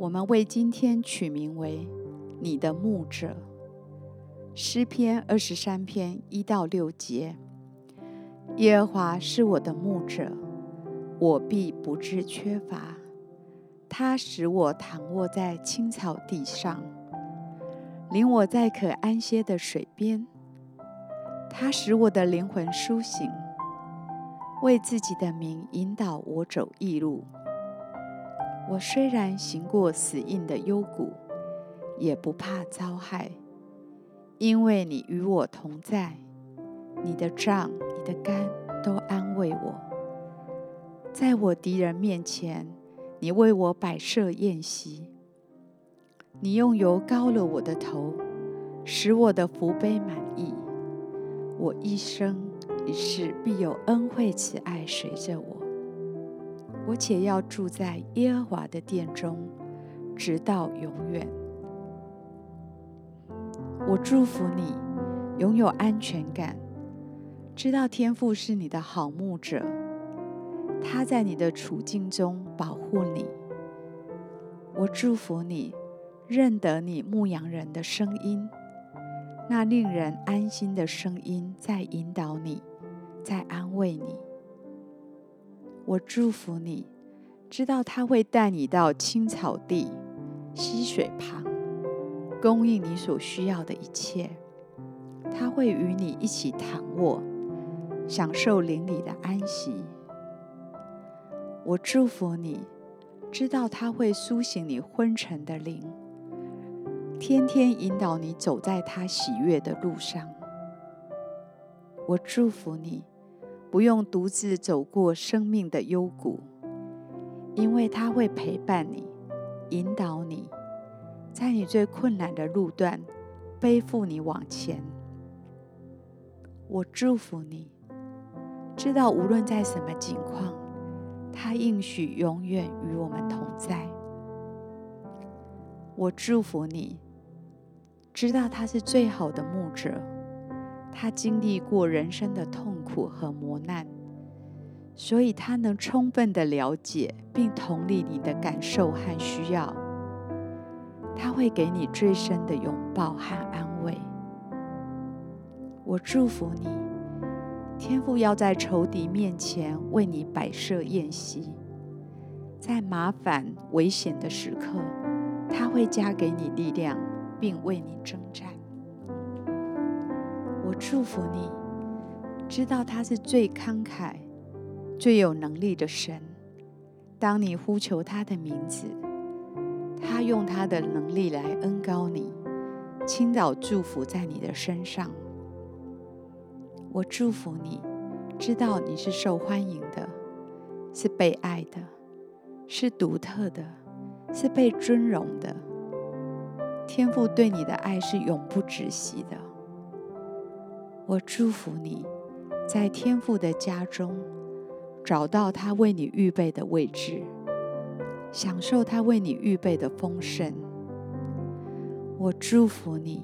我們為今天取名為“你的牧者”。詩篇二十三篇一到六節：耶和華是我的牧者，我必不致缺乏。他使我躺臥在青草地上，領我在可安歇的水邊。他使我的靈魂甦醒，為自己的名引導我走義路。我雖然行過死蔭的幽谷，也不怕遭害，因為你與我同在。你的杖、你的竿，都安慰我。在我敵人面前，你為我擺設筵席。你用油膏了我的頭，使我的福杯滿溢。我一生一世必有恩惠慈愛隨着我。我且要住在耶和華的殿中，直到永遠。我祝福你擁有安全感，知道天父是你的好牧者，他在你的處境中保護你。我祝福你認得你牧羊人的聲音，那令人安心的聲音在引導你，在安慰你。我祝福你，知道他會帶你到青草地、溪水旁，供應你所需要的一切。他會與你一起躺臥，享受靈裡的安息。我祝福你，知道他會甦醒你昏沉的靈，天天引導你走在他喜悅的路上。我祝福你。不用獨自走過生命的幽谷，因為他會陪伴你，引導你，在你最困難的路段背負你往前。我祝福你，知道無論在什麼情況，他應許永遠與我們同在。我祝福你，知道他是最好的牧者。他經歷過人生的痛苦和磨難，所以他能充分的了解並同理你的感受和需要。他會給你最深的擁抱和安慰。我祝福你，天父要在仇敵面前為你擺設筵席，在麻煩危險的時刻，他會加給你力量，並為你征戰。我祝福你，知道他是最慷慨、最有能力的神。當你呼求他的名字，他用他的能力來恩膏你，傾倒祝福在你的身上。我祝福你，知道你是受歡迎的，是被愛的，是獨特的，是被尊榮的。天父對你的愛是永不止息的。我祝福你，在天父的家中找到他為你預備的位置，享受他為你預備的豐盛。我祝福你，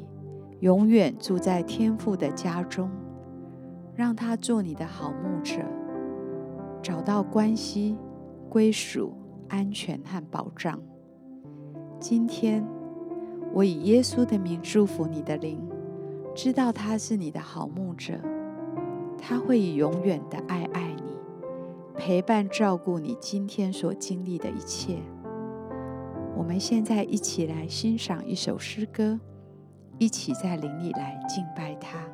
永遠住在天父的家中，讓他做你的好牧者，找到關係、歸屬、安全和保障。今天，我以耶穌的名祝福你的靈。知道他是你的好牧者，他會以永遠的愛愛你，陪伴照顧你今天所經歷的一切。我們現在一起來欣賞一首詩歌，一起在靈裡來敬拜他。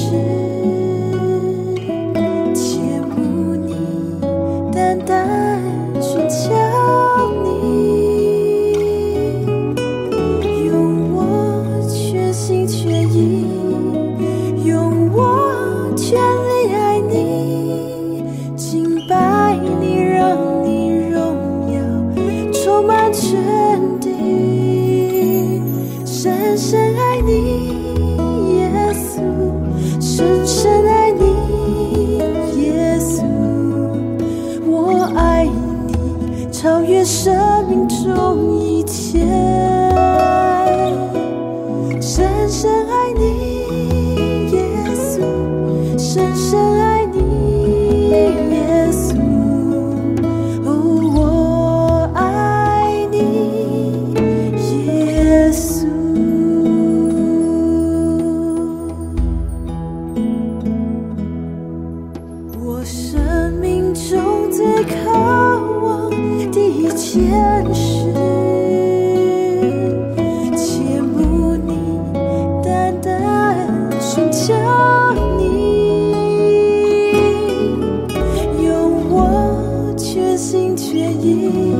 最渴望第一件事，切慕你單單尋找你，用我全心全意。